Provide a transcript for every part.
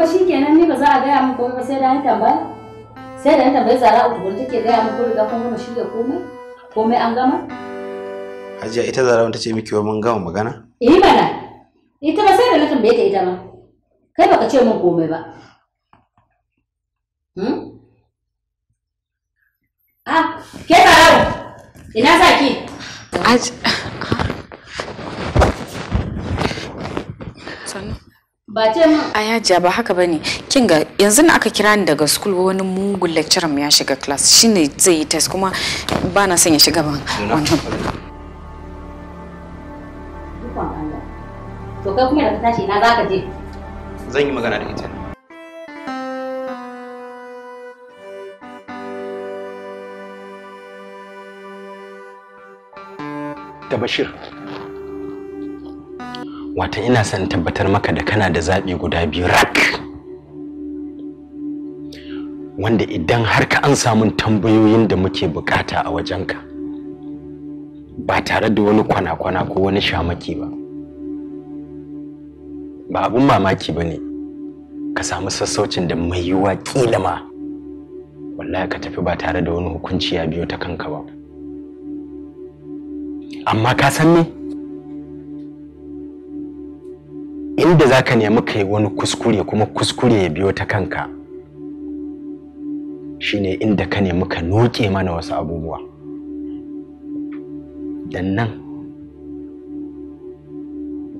kuma shi kenan ne ba za a gaya mu komai ba sai da ni tambaya sai da ni tambayi zara uku gurin take gaya min ko riga kun gama shirya komai komai an gama hajiya ita zara ta ce miki mun gama magana eh mana ita ba sai da na tambaye ta ita ma kai baka ce min komai ba hmm ah ke zara ina saki ba ce a ba haka bane kin ga yanzu na aka kira ni daga school wani mugun lecturer mu ya shiga class shine zai yi test kuma ba na son ya shiga ba. wannan to da tashi na zaka je zan yi magana da ita da bashir wata ina son tabbatar maka da kana da zaɓi guda biyu rak wanda idan har ka an samun tambayoyin da muke bukata a wajen ka, ba tare da wani kwana-kwana ko wani shamaki ba ba abun mamaki ba ne ka samu sassaucin da mai yiwuwa kila ma wallahi ka tafi ba tare da wani hukunci ya biyo ta kanka ba amma ka san ne inda za ka nemi ka yi wani kuskure kuma kuskure ya biyo ta kanka shine inda ka nemi ka noke mana wasu abubuwa dan nan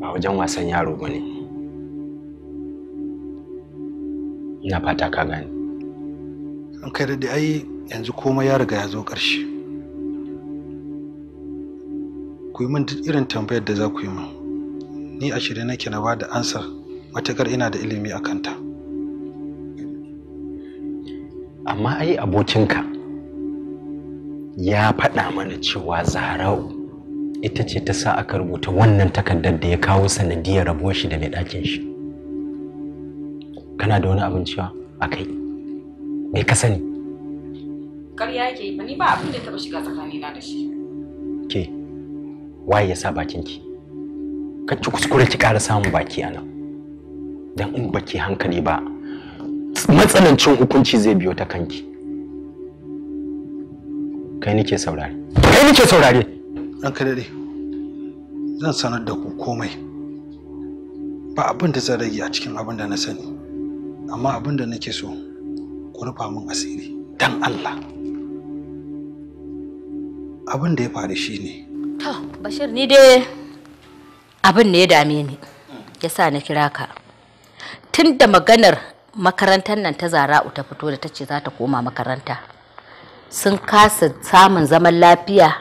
ba wajen wasan yaro ba ne ina fata ka gani an kai da ai yanzu komai ya riga ya zo ƙarshe ku yi min duk irin tambayar da za ku yi min ni a shirye nake na ba da ansar matakar ina da ilimi a kanta amma ai abokinka ya faɗa mana cewa zarau ita ce ta sa aka rubuta wannan takardar da ya kawo sanadiyar rabuwar shi da mai ɗakin shi kana da wani abin cewa a kai mai ka sani ƙarya yake ba ni ba abin da taɓa shiga tsakanina da shi ke waye ya sa bakinki Ka ki kuskure ki ƙara samun baki a nan don in baki hankali ba matsanancin hukunci zai biyo ta kanki kai nake saurare kai nake saurare ranka dade zan sanar da ku komai ba abin da zan rage a cikin abin da na sani amma abin da nake so ku rufa min asiri dan Allah abin da ya faru shine to bashir ni dai abin ne ya dame ni ya sa na kira ka tun da maganar makarantar nan ta zara'u ta fito da ta ce za ta koma makaranta sun kasa samun zaman lafiya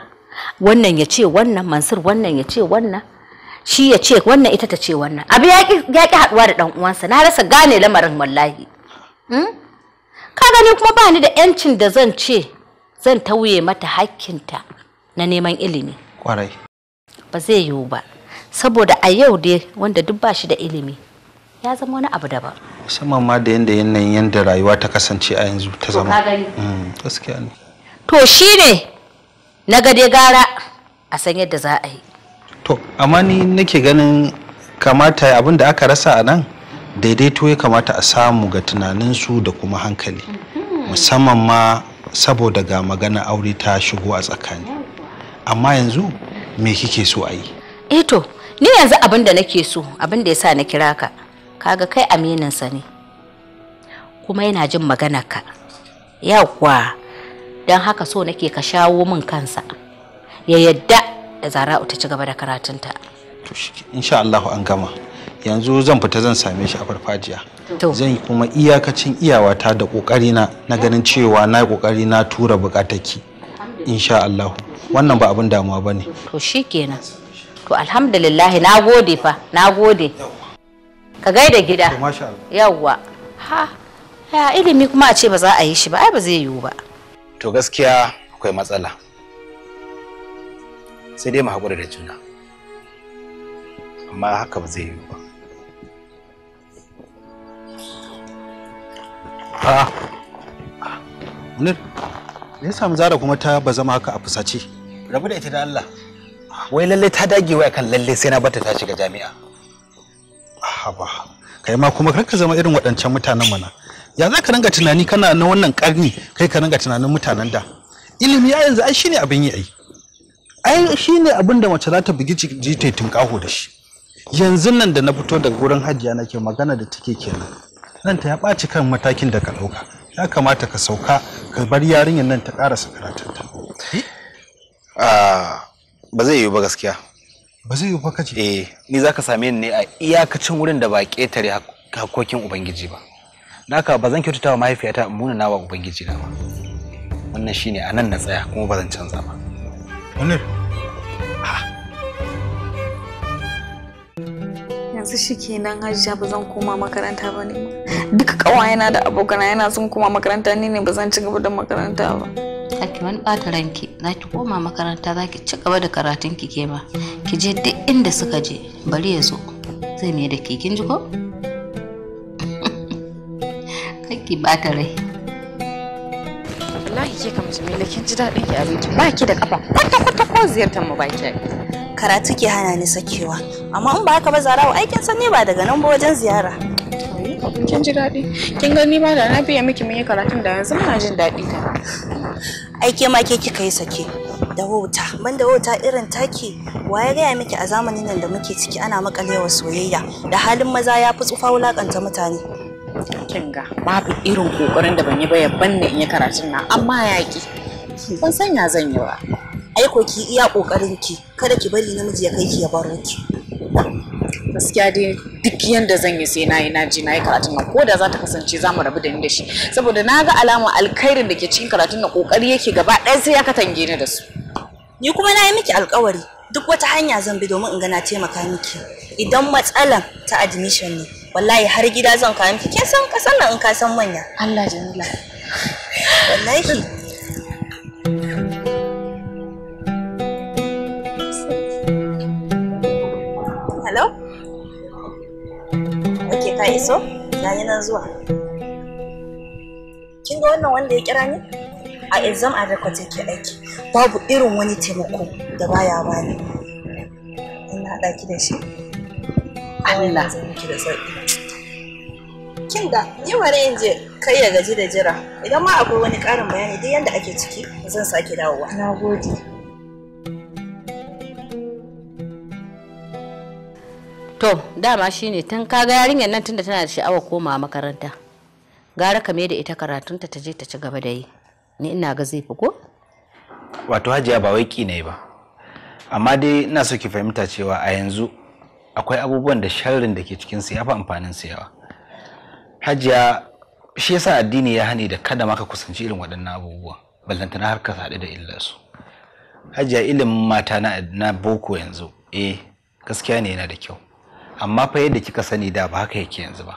wannan ya ce wannan mansur wannan ya ce wannan shi ya ce wannan ita ta ce wannan abu ya ki haɗuwa da ɗan uwansa na rasa gane lamarin wallahi hmm? ka gani kuma ba ni da yancin da zan ce zan tauye mata hakkinta na neman ilimi kwarai ba zai yiwu ba saboda a yau dai wanda duk ba shi da ilimi ya zama wani abu daban musamman ma da yanda yanayin yanda rayuwa ta kasance a yanzu ta zama mm, gaskiya ne to ne na ga gara a san yadda za a yi to amma ni nake ganin kamata abin da aka rasa a nan daidaito ya kamata a samu ga tunaninsu da kuma hankali mhm. musamman ma saboda ga magana aure ta shigo a tsakani amma yanzu me kike so a yi eto eh ni yanzu abin da nake so abin da yasa na kira ka kaga kai amininsa ne kuma yana jin maganarka yawwa don haka so nake ka shawo min kansa ya yadda da zara'u ta ci gaba da karatunta to insha Allah an gama yanzu zan fita zan same shi a farfajiya zan kuma iyakacin iyawata da kokarina na ganin cewa na kokari na tura bukataki insha Allah wannan ba abin damuwa bane to shikenan to alhamdulillah na gode fa na gode ka gaida gida yawwa ha ya ilimi kuma a ce ba za a yi shi ba ai ba zai yiwu ba to gaskiya akwai matsala sai dai mu haƙura da juna amma haka ba zai yiwu ba ha ah. munir me samu zara kuma ta ba zama haka a fusace rabu da ita da Allah wai lalle ta dage waya kan lalle sai na bata ta shiga jami'a haba kai ma kuma karka zama irin waɗancan mutanen mana ya za ka ringa tunani kana na wannan karni kai ka ringa tunanin mutanen da ilimi a yanzu ai shine abin yi ai ai shine abin da mace za ta bugi jita tunƙaho da shi yanzu nan da na fito daga gurin hajiya nake magana da take kenan nan ta ya ɓaci kan matakin da ka ɗauka ya kamata ka sauka ka bar yarinyar nan ta ƙarasa karatunta. Ah, ba zai yiwu ba gaskiya ba zai yiwu ba kace eh ni zaka same ni ne a iyakacin wurin da ba ketare hakokin ubangiji ba naka ba zan kyautata wa mahaifiyata in muna nawa ubangiji na ba wannan shine a nan na tsaya kuma ba zan canza ba wannan ah. yanzu shi kenan hajjia ba zan koma makaranta ba ne duka kawayena da abokana yana sun koma makaranta ni ne ba zan ci gaba da makaranta ba a ki wani bata ranki za ki koma makaranta za ki ci gaba da karatun ki ke ma ki je duk inda suka je bari ya zo zai ne da ke kin ji ko ki bata rai wallahi ke ka musulmi kin ji dadin ki abinci ba ki da kafa kwata kwata ko ziyartar mu ba ki karatu ke hana ni sakewa amma in ba haka ba zarawa aikin sanne ba daga nan ba wajen ziyara kin ji daɗi kin gani ba da na biya miki mun yi karatun da yanzu muna jin daɗi ta aike ma ke kika yi sake da wuta ban da wuta irin waye wa ya gaya miki a zamanin nan da muke ciki ana makalewa soyayya da halin maza ya fi tsufa wulakanta mutane kin ga babu irin kokarin da ban yi ba ya banne in yi karatun na amma yaki ban sanya zan yi ba aiko ki iya kokarin ki kada ki bari namiji ya kai ki ya baro ki gaskiya dai duk yadda zan yi sai na yi na ji na yi karatun nan ko da za ta kasance za mu rabu da ni da shi saboda na ga alamar alkhairin da ke cikin karatun nan kokari yake gaba ɗaya sai ya katange ni da su ni kuma na yi miki alkawari duk wata hanya zan bi domin in ga na taimaka miki idan matsalar ta admission ne wallahi har gida zan kawo miki kin san kasan nan in ka san manya Allah jamila wallahi hello ta iso gani nan zuwa kin ga wannan wanda ya kira ni a exam a record yake aiki babu irin wani taimako da baya bani in haɗa da shi Allah zan miki da sauki kin ga Ni ne in je kai ya gaji da jira idan ma akwai wani ƙarin bayani duk yanda ake ciki zan sake dawowa nagode to dama shine tun kaga yarinyar nan tunda tana da sha'awar komawa makaranta gara kame da ita karatunta ta je ta ci gaba da yi ni ina ga zai fi ko wato hajiya ba wai ki ne ba amma dai ina so ki fahimta cewa a yanzu akwai abubuwan da sharrin da ke cikin su yafi amfanin su yawa hajiya shi yasa addini ya hani da kada maka kusanci irin waɗannan abubuwa ballantana har ka haɗe da illarsu hajiya ilimin mata na boko yanzu eh gaskiya ne yana da kyau amma fa yadda kika sani da ba haka yake yanzu ba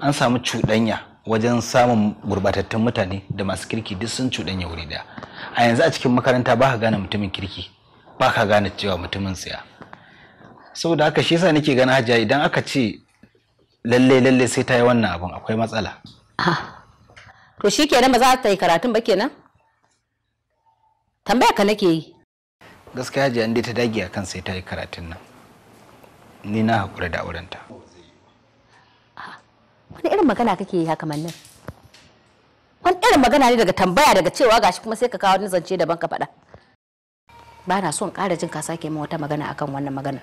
an samu cuɗanya wajen samun gurbatattun mutane da masu kirki duk sun cuɗanya wuri daya a yanzu a cikin makaranta ba ka gane mutumin kirki ba ka gane cewa mutumin tsaya saboda haka shi yasa nake gani hajiya idan aka ce lalle lalle sai ta yi wannan abin akwai matsala ah. to shi kenan ba za ta yi karatun ba kenan tambaya ka nake yi gaskiya hajiya inda ta dage akan sai ta yi karatun nan ni na hakura da aurenta ah, wani irin magana kake yi haka mannan wani irin magana ne daga tambaya daga cewa gashi kuma sai ka kawo wani zance daban ka faɗa ba na son ƙara jin ka sake min wata magana akan wannan maganar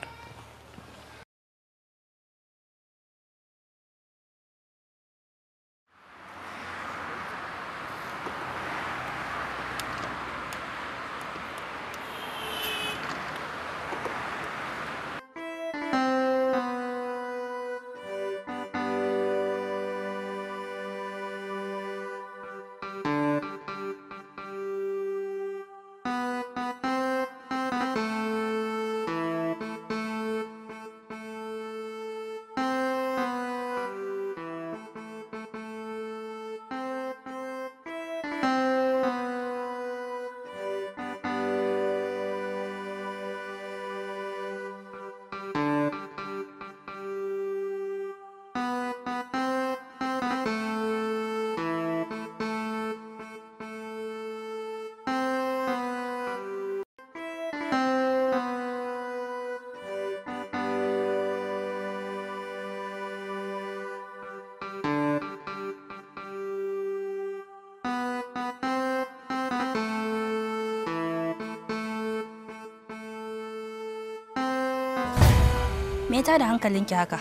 me ta da hankalinki haka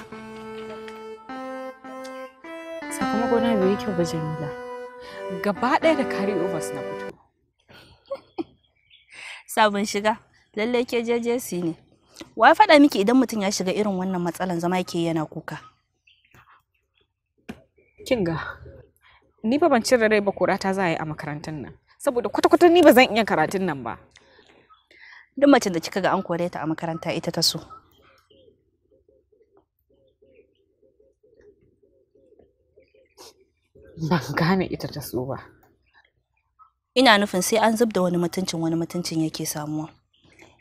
sakamako na bai kyau ba jamila gaba ɗaya da kari overs na fito sabon shiga lallai ke su ne wai faɗa miki idan mutum ya shiga irin wannan matsalan zama yake yana kuka kinga ni ba ban cire rai ba ta za a yi a makarantar nan saboda kwata-kwata ni ba zan iya karatun nan ba duk macen da kika ga an kore ta a makaranta ita ta so Ban gane ita ta so ba. Ina nufin sai an zub da wani mutuncin wani mutuncin yake samuwa.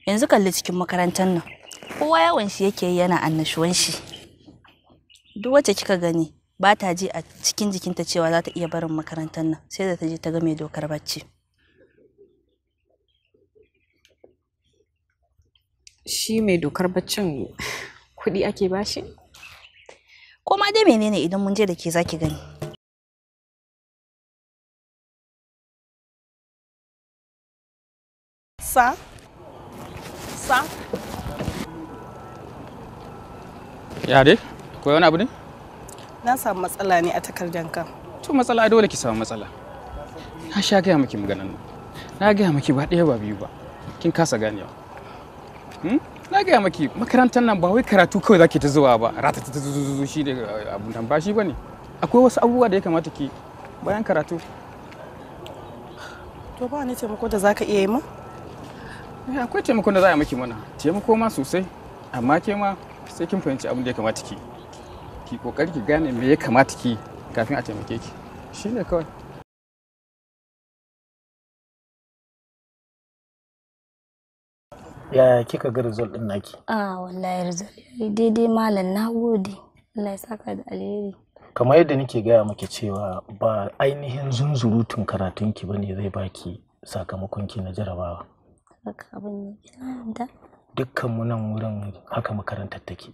Yanzu kalli cikin makarantar nan. Kowa yawan shi yake yana annashuwan shi. Duk wacce kika gani ba ta ji a cikin jikinta cewa za ta iya barin makarantar nan sai da ta je ta ga mai dokar bacci. Shi mai dokar baccin kuɗi ake bashi? Ko ma dai menene idan mun je da ke zaki gani. Ça. Ça. Ya dai? Ko wani abu ne? Na samu matsala ne a takardar ka. To matsala dole ki samu matsala. Na sha gaya miki maganan nan. Na gaya miki ba ɗaya ba biyu ba. Kin kasa ganewa. Hmm? Na gaya maki makarantar nan ba wai karatu kawai zaki ta zuwa ba ratata ta zuzuzu shi da eh, abun nan ba shi bane. Akwai wasu abubuwa da ya kamata ki bayan karatu. To ba ni taimako da zaka iya yi min? Eh, akwai taimakon da za a maki mana taimako ma sosai amma ke ma sai kin fahimci abin da ya kamata ki ki kokari ki gane me ya kamata ki kafin a taimake ki shine kawai ya kika ga result din naki a ah, wallahi result daidai malam na gode Allah ya saka da alheri kamar yadda nake gaya maki cewa ba ainihin zunzurutun karatun ki bane zai baki sakamakon ki na jarabawa haka abin dukkan mu nan wurin haka makarantar take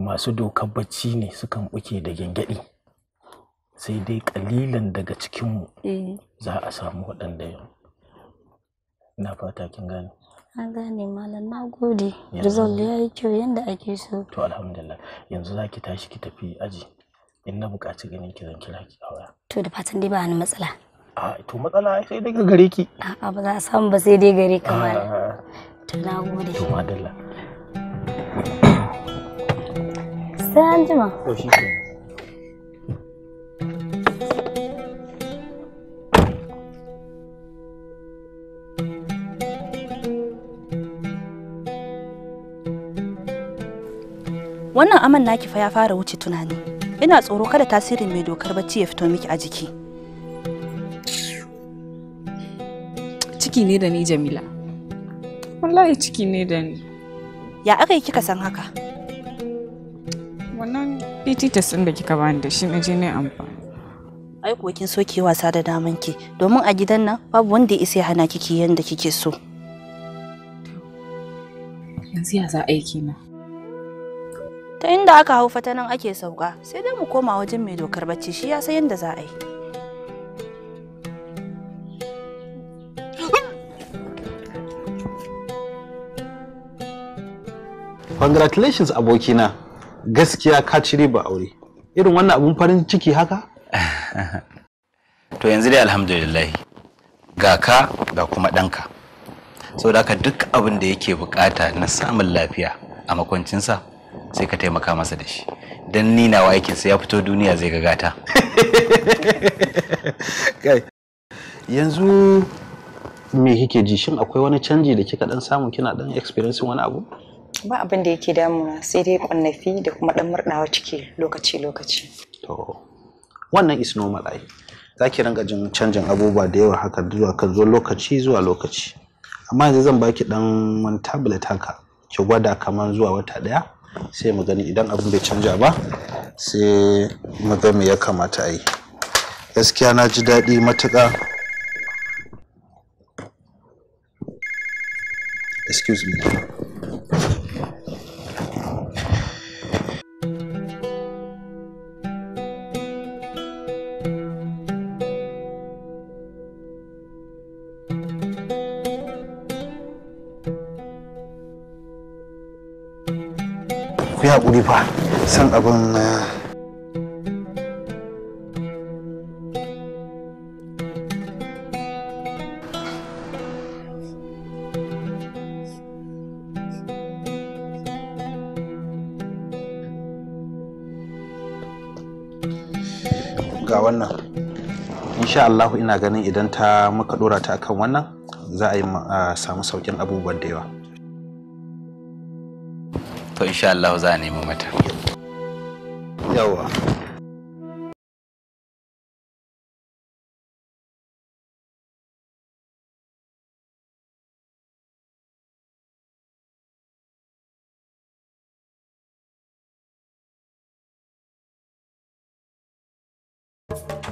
masu dokar bacci ne sukan buke da gyangyaɗi sai dai kalilan daga cikinmu eh. za a samu waɗanda yau na fata kin gane an gane malam na gode result ya yi kyau yadda ake so to alhamdulillah yanzu za tashi ki tafi aji in na buƙaci ganin ki zan kira ki a to da fatan dai ba ni matsala a to matsala sai dai ga gare ki a'a ba za san ba sai dai gare ka ba to na gode to madalla sai an jima to shi ke Wannan aman naki fa ya fara wuce tunani. Ina tsoro kada tasirin mai dokar bacci ya fito miki a jiki. ciki ne da ni Jamila. Wallahi ciki ne da ni. Ya aka yi kika san haka? Wannan PT test da kika bani da shi na je ne amfani. Ai kuwa kin so ki wasa da daman ki domin a gidan nan babu wanda ya isa ya hana kiki yanda kike so. Yanzu ya za aiki na. Ta inda aka hau fatanan ake sauka sai dai mu koma wajen mai dokar bacci shi ya san yanda za a yi. congratulations abokina gaskiya ka cire ba aure irin wannan abun farin ciki haka to yanzu dai alhamdulillah ga ka ga kuma ɗanka saboda ka duk abin da yake bukata na samun lafiya a makwancinsa sai ka taimaka masa da shi don ninawa aikinsa ya fito duniya zai gagata yanzu me kike ji shin akwai wani canji da kika dan samu kina dan experience wani abu ba abin da yake damuna sai dai kwannafi da kuma dan murdawa ciki lokaci-lokaci to wannan is normal ai za ki jin canjin abubuwa da yawa haka zuwa ka zo lokaci zuwa lokaci amma yanzu zan baki dan wani tablet haka ki gwada kamar zuwa wata daya sai mu gani idan abin bai canja ba sai mu ga me ya kamata a yi gaskiya na ji daɗi matuƙa excuse me haƙuri fa san abin eh. ga wannan insha Allah ina ganin idan ta muka dora ta akan wannan za a yi ah, samu saukin abubuwan da yawa to insha Allah za a nemi mata yawa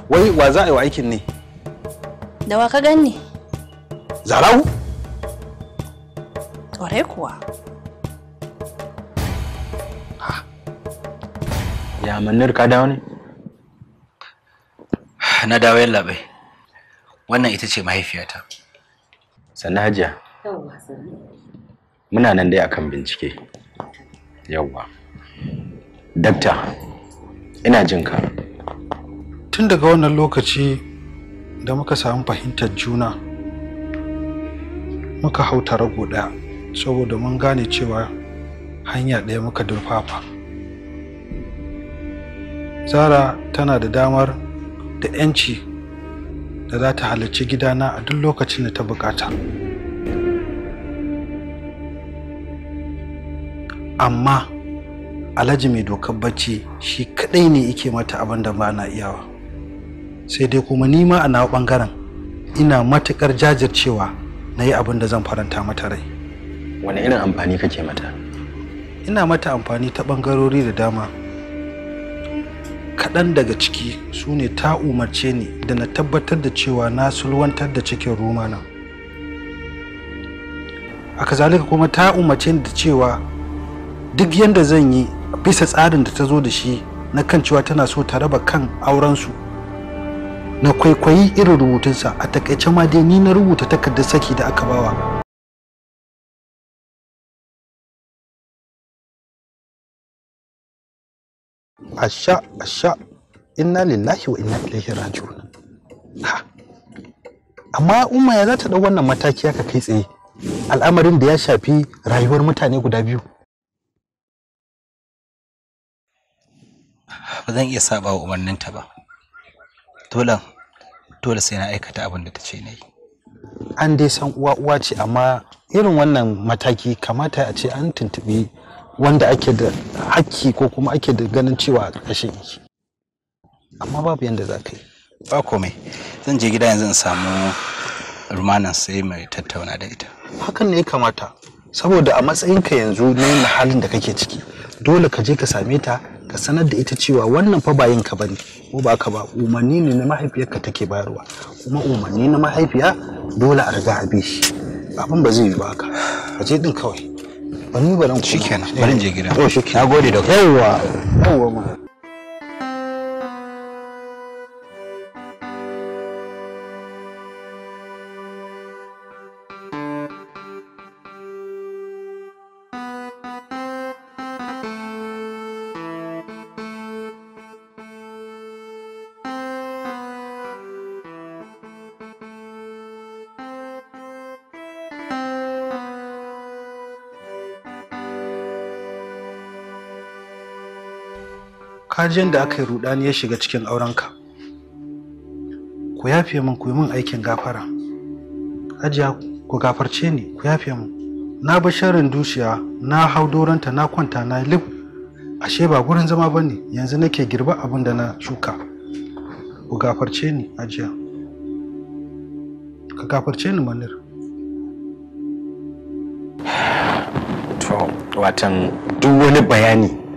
wai wa za a yi wa aikin ne da wa ka gani zarau ƙwarai kuwa Ya Manir ka dawo ne? Na dawo yalla bai. Wannan ita ce mahaifiyata. Sannan Hajiya. Yawwa Muna nan dai akan bincike. Yawwa. Dakta, ina jin ka. Tun daga wannan lokaci da muka samu fahimtar juna, muka hauta rago ɗaya saboda mun gane cewa hanya ɗaya muka durfafa. sara tana da damar da 'yanci da za ta halarci gidana a duk lokacin da ta bukata amma alhaji mai dokar bacci shi kadai ne yake mata abin da ba na iyawa sai dai kuma nima a nawa bangaren ina matukar jajircewa na yi abin da zan faranta mata rai wani irin amfani kake mata ina mata amfani ta bangarori da dama kaɗan daga ciki su ne ta umarce ni da na tabbatar da cewa na sulwantar da cikin romana a kazalika kuma ta umarce ni da cewa duk yadda zan yi bisa tsarin da ta zo da shi na kan cewa tana so ta raba kan aurensu na kwaikwayi irin rubutunsa a takaice ma dai ni na rubuta takardar saki da aka bawa. asha asha inna lillahi wa inna ilaihi raji'un ha amma umma ya za ta dau wannan mataki aka kai tsaye al'amarin da ya shafi rayuwar mutane guda biyu ba zan iya saba wa ta ba dole dole sai na aikata abin da ta ce na yi an dai san uwa uwa ce amma irin wannan mataki kamata a ce an tuntuɓi wanda ake da hakki ko kuma ake da ganin cewa ƙashin shi amma babu yadda za ka yi ba komai zan je gida yanzu in samu rumanan sai mai tattauna da ita hakan ne ya kamata saboda a matsayinka yanzu na yin halin da kake ciki dole ka je ka same ta ka sanar da ita cewa wannan fa ba ka bane ko ba ka ba umarni ne na mahaifiyarka take bayarwa kuma umarni na mahaifiya dole a riga a bi shi abin ba zai yi ba ka je din kawai ba nan kuma. Shikenan, eh. barin je gida. To oh, shi kenan Nagode da. Yawwa. Yawwa ma. kaji da aka yi rudani ya shiga cikin aurenka ku yafe min ku yi min aikin gafara Ajiya ku gafarce ni ku yafe min na bi sharrin dushiya, na hau doranta na kwanta na lif ashe ba gurin zama ba ne yanzu nake girba abin da na shuka ku gafarce ni ajiya. ka gafarce ni manir to watan duk wani bayani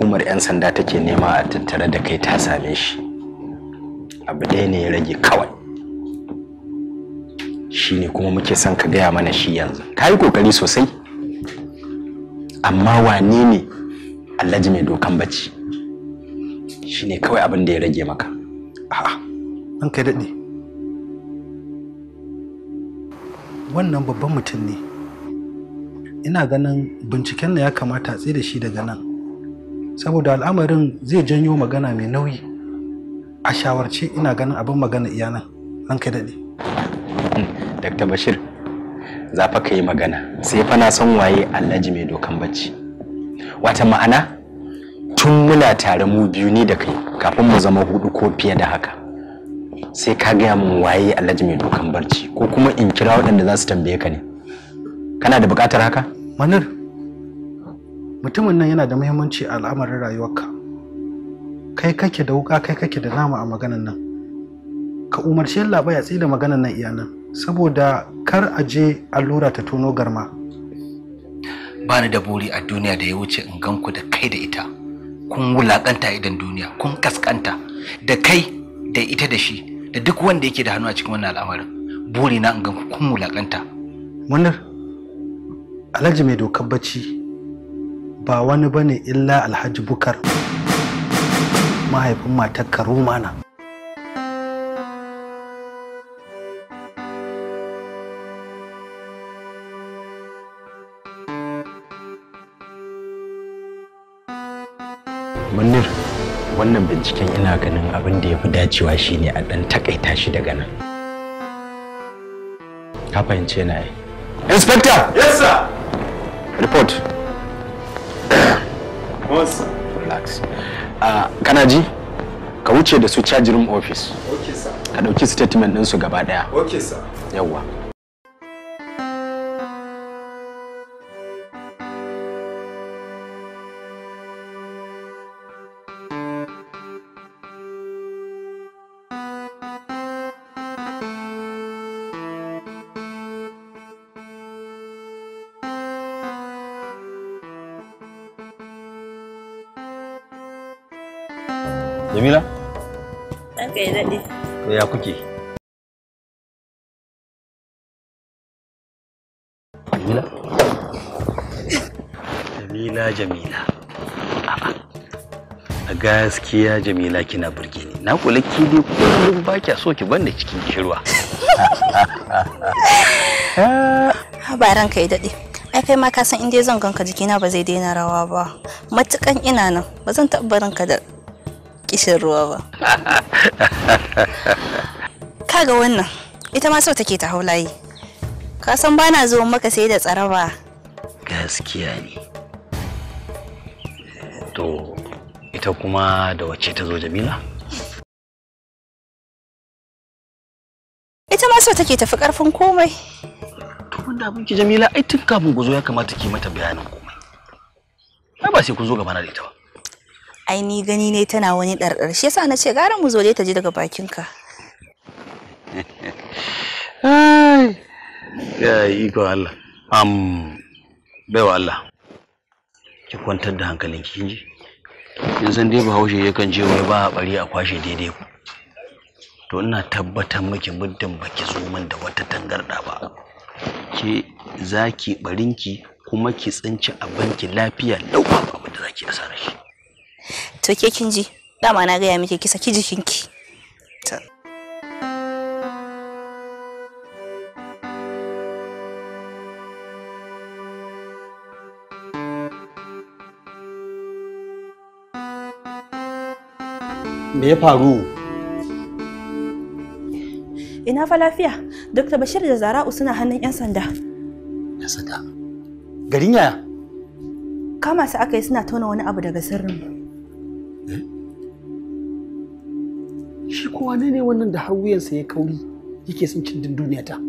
hukumar 'yan sanda take nema a tattare da kai ta same shi abu ɗaya ne ya rage kawai shi ne kuma muke son ka gaya mana shi yanzu ka yi ƙoƙari sosai amma wane ne alhaji mai dokan bacci shi ne kawai abin da ya rage maka a'a an kai daɗe wannan babban mutum ne ina ganin binciken da ya kamata a tsere da shi daga nan saboda al'amarin zai janyo magana mai nauyi a shawarce ina ganin abin magana iyanan nan kai daɗe dr bashir za fa ka yi magana sai fa na san waye alhaji mai dokan bacci wata ma'ana tun muna tare mu biyu ni da kai kafin mu zama hudu ko fiye da haka sai ka gaya min waye alhaji mai dokan barci ko kuma in kira waɗanda za su tambaye ka ne kana da buƙatar haka manir mutumin nan yana da muhimmanci a al'amarin rayuwarka kai kake da wuka kai kake da nama a maganar nan ka umarci labai ya tsida maganan nan iyanan saboda kar a je allura ta tono garma ba ni da buri a duniya da ya wuce in gan ku da kai da ita kun wulakanta idan duniya kun kaskanta da kai da ita da shi da duk wanda yake da hannu a cikin wannan al'amarin buri na in gan ku kun wulakanta munir alhaji mai dokar bacci ba wani ba ne illa alhaji bukar mahaifin matar karumana munir wannan binciken ina ganin abin da ya fi dacewa shine a ɗan takaita shi daga nan ka fahimce na yi inspector yes sir report kanaji ah, kana ji ka wuce da su charge room office ka ɗauki statement din su gaba ɗaya okay ya kuke jamila jamila jamila a gaskiya jamila kina burge ni na kula ki dai kullum ba kya so ki banda cikin kirwa. ba ran kai daɗe ai kai ma ka san dai zan ganka jikina ba zai daina rawa ba matukan ina nan ba zan taɓa ka da kishin ruwa ba kaga wannan ita ma so take ta haulayi ka san bana zuwa maka sai da tsaraba gaskiya ne to ita kuma da wacce ta zo jamila ita ma so take tafi karfin komai to wanda abin jamila ai tun kafin ku zo ya kamata ki mata bayanin komai ai ba sai ku zo gaba na da ita ba Aini gani ne tana wani ɗarɗar shi yasa na ce gara mu zo dai ta ji daga bakinka ya ko Allah am wa Allah ki kwantar da hankalin ki ji kin san dai bahaushe yakan je wai ba a bari a kwashe daidai ku to ina tabbatar miki muddin baki zo min da wata tangarda ba ke zaki barinki kuma ki tsinci abinki lafiya lau ba abin da zaki asara shi to ke kin ji dama na gaya miki kisa, ki jikinki me ya faru ina fa lafiya dr bashir da zara'u suna hannun 'yan sanda 'yan sanda garin yaya kama su aka yi suna tona wani abu daga sirrin Eh? shi kowa ne ne wannan da sa ya kauri yake son cin duniya ta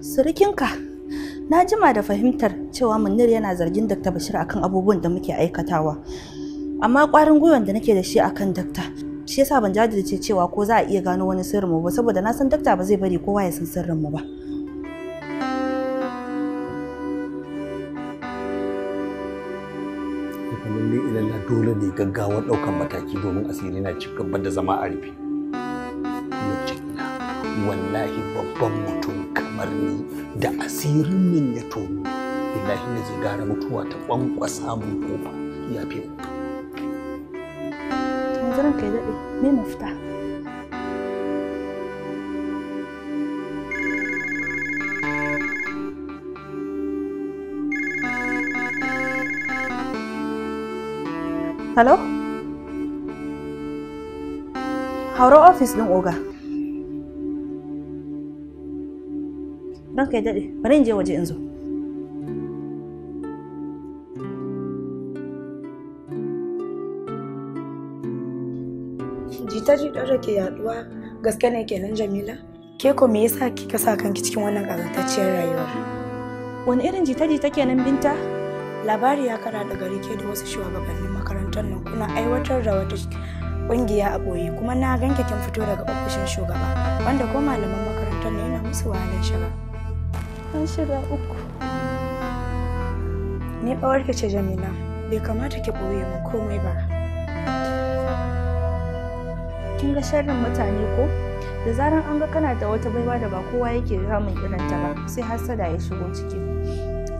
surikinka na jima da fahimtar cewa munir yana zargin dakta bashir akan abubuwan da muke aikatawa amma ƙwarin gwiwan da nake da shi akan dakta shi yasa ban jajirce cewa ko za a iya gano wani sirrinmu ba saboda na san dakta ba zai bari kowa ya san sirrinmu ba lalle ilalla dole ne gaggawar ɗaukar mataki domin asiri na ci gaba da zama a rufe wallahi babban mutum kamar ni da asirin min ya tono wallahi na zai gara mutuwa ta kwankwasa mun kofa ya fi mu. kai daɗe, me mafita? Hello? Hauro ofis ɗin oga. Ranka ya daɗe, bari in je waje in zo. jita ji da ke yaduwa gaske ne kenan Jamila? Ke me yasa kika sa kanki cikin wannan ƙazantacciyar rayuwar? Wani irin jita ta kenan Binta? labari ya kara daga rike da wasu shugabannin makarantar nan kuna aiwatar da wata kungiya a boye kuma na ganke kin fito daga ofishin shugaba wanda ko malaman makarantar nan yana musu wahalar shiga an shiga uku ni kawarki ce jamila bai kamata ki boye mu komai ba kin ga sharrin mutane ko da zaran an ga kana da wata baiwa da ba kowa yake samun irin ta ba sai hasada ya shigo ciki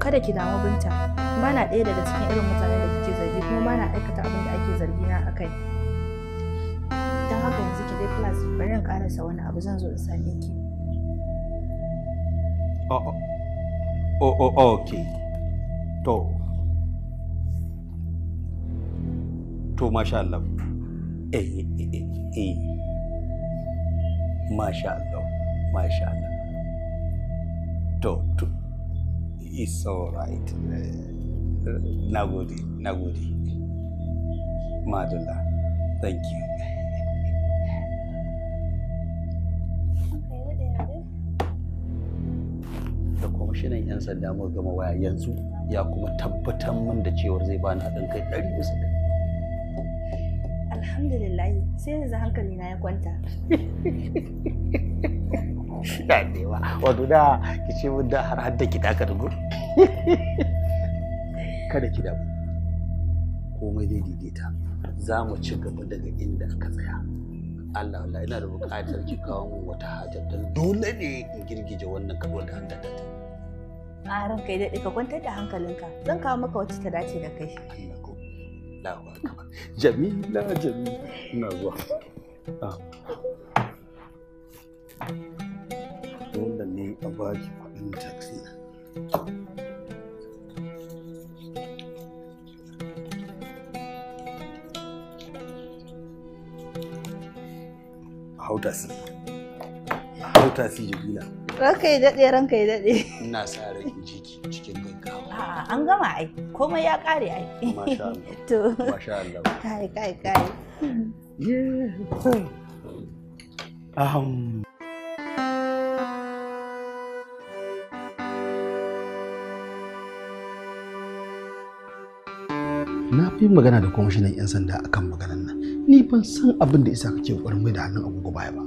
kada ki damu binta ba na ɗaya daga cikin irin mutanen da kike zargi kuma ba na aikata abin da ake zargi na a kai don haka yanzu ki dai plus bari in karasa wani abu zan zo in same ki o o o o ke to to masha Allah eh eh, eh eh eh masha Allah masha Allah to to it's all right. Nagode, nagode na madalla thank you da kwamishinan 'yan sanda muka gama waya yanzu ya kuma tabbatar min da cewar zai bani haɗin kai ɗari bisa ɗari alhamdulillah sai yanzu hankali na ya kwanta daɗewa wato da ki ce min da har hadda ki ɗaka da gudu kada ki damu komai zai daidaita za mu ci gaba daga inda ka tsaya Allah Allah ina da buƙatar ki kawo min wata hajar don dole ne in girgije wannan kalwar da hanta ta a ran kai daɗe ka kwantar da hankalinka zan kawo maka wacce ta dace da kai Allahu akbar jamila jamila ina zuwa ah. dole ne a baki kuɗin taxi na hau tasi hau tasi jibila ranka ya daɗe ranka ya daɗe ina sa rai jiki cikin gaggawa an gama ai komai ya ƙare ai to masha Allah kai kai kai um yi magana da kwamishinan 'yan sanda akan maganan nan ni ban san abin da isa kake ƙoƙarin mai da hannun agogo baya ba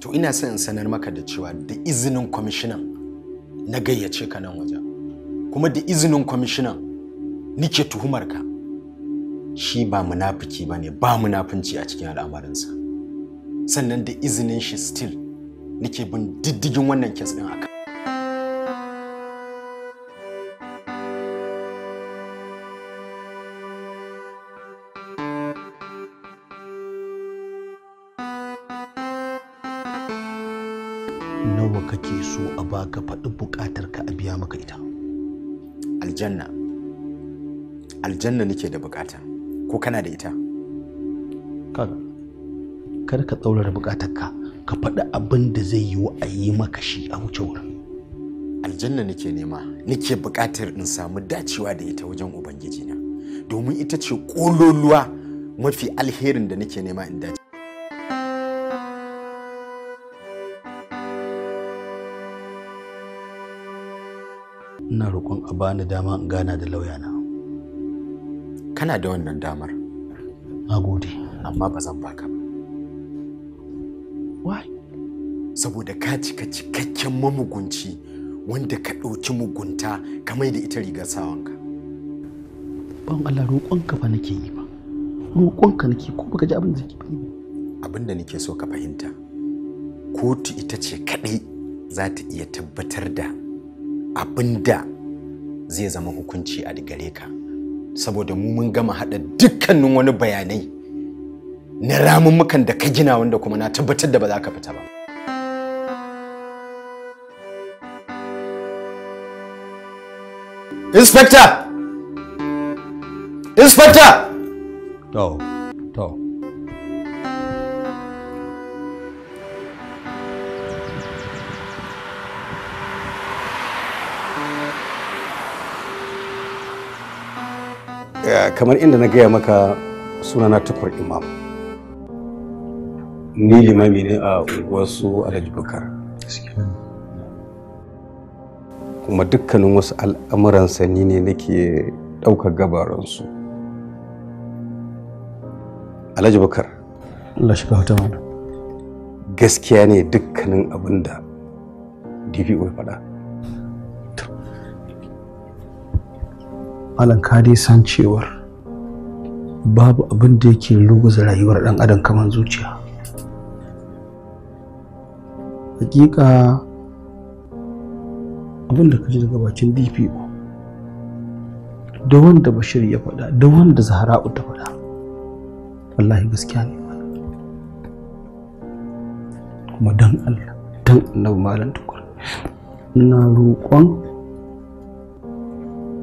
to ina son in sanar maka da cewa da izinin kwamishinan na gayyace ka nan waje kuma da izinin kwamishinan nike tuhumar ka shi ba munafiki bane ba munafunci a cikin al'amarinsa sannan da izinin shi still nike bin diddigin wannan kes din akan aljanna nake da bukata ko kana da ita kar ka tsaurara bukatarka ka faɗi abin da zai yiwu a yi maka shi a wuce wurin aljanna nake nema nake bukatar in samu dacewa da ita wajen ubangiji na domin ita ce kololuwa mafi alherin da nake nema in dace ina roƙon a bani dama in gana da lauya na. kana da wannan damar na gode amma ba zan baka ba why saboda ka cika cikakken mamugunci wanda ka ɗauki mugunta kamar da ita rigar sawanka ban Allah roƙonka fa nake yi ba roƙonka nake ko baka ji abin da ba abin da nake so ka fahimta kotu ita ce kaɗai za ta iya tabbatar da abin da zai zama hukunci a gare ka saboda mu mun gama haɗa dukkanin wani bayanai na ramummukan da ka gina wanda kuma na tabbatar da ba za ka fita ba. Inspector! Inspector! Oh. kamar inda na gaya maka sunana tukur imam ni limami ne a wasu alhaji kuma dukkanin wasu al'amuransa ni ne nake ɗaukar gabaransu alhaji bukar Allah shi ta gaskiya ne dukkanin abin da dpo ya faɗa malam ka dai san cewar babu abin da yake ruguza rayuwar ɗan adam kamar zuciya hakika abin da kaji daga bakin dpo da wanda bashir ya faɗa da wanda u ta faɗa wallahi gaskiya ne kuma dan allah dan annabi malam tukur ina roƙon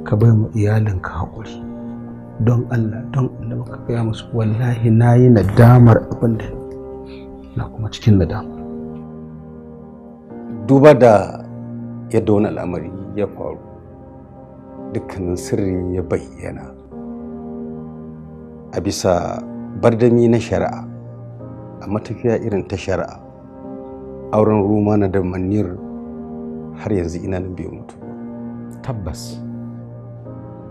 ka bai mu iyalinka haƙuri don Allah don Allah ka kaya musu wallahi na yi nadamar abin da na kuma cikin nadama duba da yadda wani al'amari ya faru dukkanin sirri ya bayyana a bisa bardami na shari'a a matafiya irin ta shari'a auren rumana da manir har yanzu ina nan bai mutu tabbas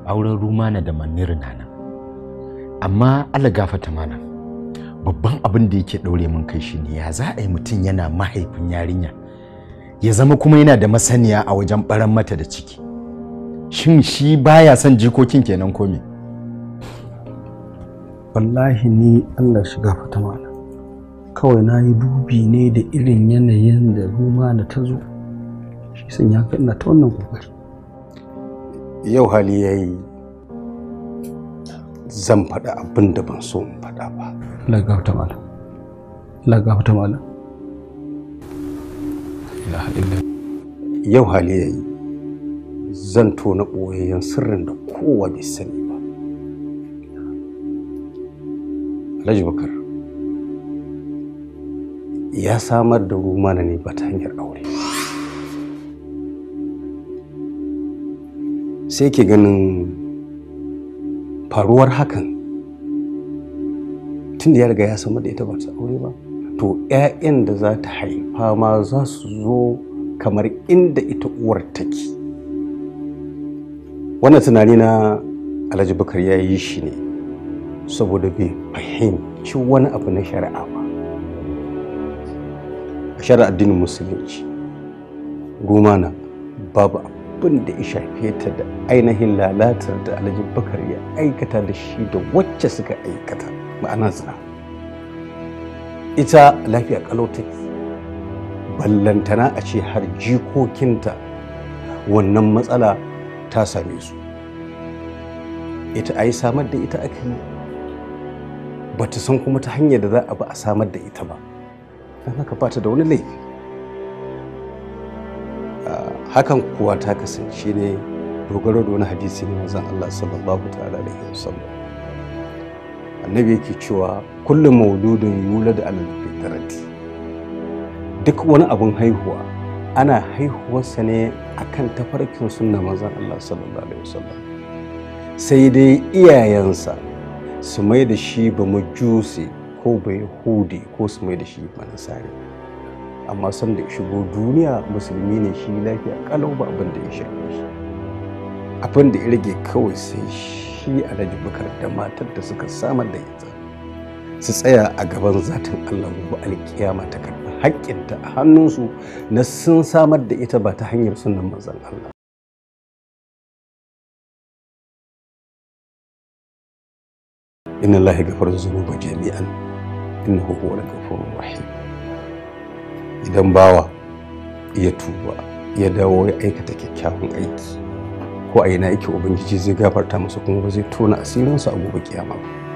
auren rumana da manniru na amma ala gafarta mana babban abin da yake ɗaure mun kai shi ne ya za a yi mutum yana mahaifin yarinya ya zama kuma yana da masaniya a wajen ɓaran mata da ciki shin shi baya son jikokin kenan ko me wallahi ni allah shi gafarta mana kawai na yi dubi ne da irin yanayin da rumana ta zo shi sun ya ta wannan kokari yau hali ya yi zan faɗa abin da ban so in faɗa ba lagafta malam lagafta malam yau hali ya yi zan tona ɓoyayyen sirrin da kowa bai sani ba alhaji bakar ya samar da rumana ne ba ta hanyar aure sai ke ganin faruwar hakan tun da ya riga ya samu da ita ba ta aure ba to 'ya'yan da za ta haifa ma za su zo kamar inda ita uwar take wannan tunani na alhaji bukar ya yi shi ne saboda bai fahimci wani abu na shari'a ba a shari'a addinin musulunci rumana babu abu abin da ya shafe ta da ainihin lalatar da alhaji bakar ya aikata da shi da wacce suka aikata ma'ana zina ita lafiya kalota ballantana a ce har jikokinta wannan matsala ta same su ita a yi samar da ita aka yi ba ta san kuma ta hanyar da za a ba a samar da ita ba don haka ba ta da wani laifi hakan kuwa ta kasance ne dogaro da wani hadisi ne manzon Allah sallallahu ta'ala alaihi wasallam annabi yake cewa kullum mauludin yulad alal fitrati duk wani abin haihuwa ana haihuwarsa ne akan tafarkin sunna manzon Allah sallallahu alaihi wasallam sai dai iyayensa su mai da shi ba majusi ko bai hudi ko su mai da shi ba nasari amma san da shigo duniya musulmi ne shi lafiya kalau ba abin da ya shafe shi abin da ya rage kawai sai shi alhaji bukar da matar da suka samar da yanzu su tsaya a gaban zatin allah gobe alkiyama ta karɓi ta a hannunsu na sun samar da ita ba ta hanyar sunan manzon allah inna lahi gafar zunuba jami'an innahu huwal ghafurur rahim idan bawa ya tuba ya dawo ya aikata kyakkyawan aiki ko a ina yake ubangiji zai gafarta masa kuma ba zai tona asirinsa a gobe kiyama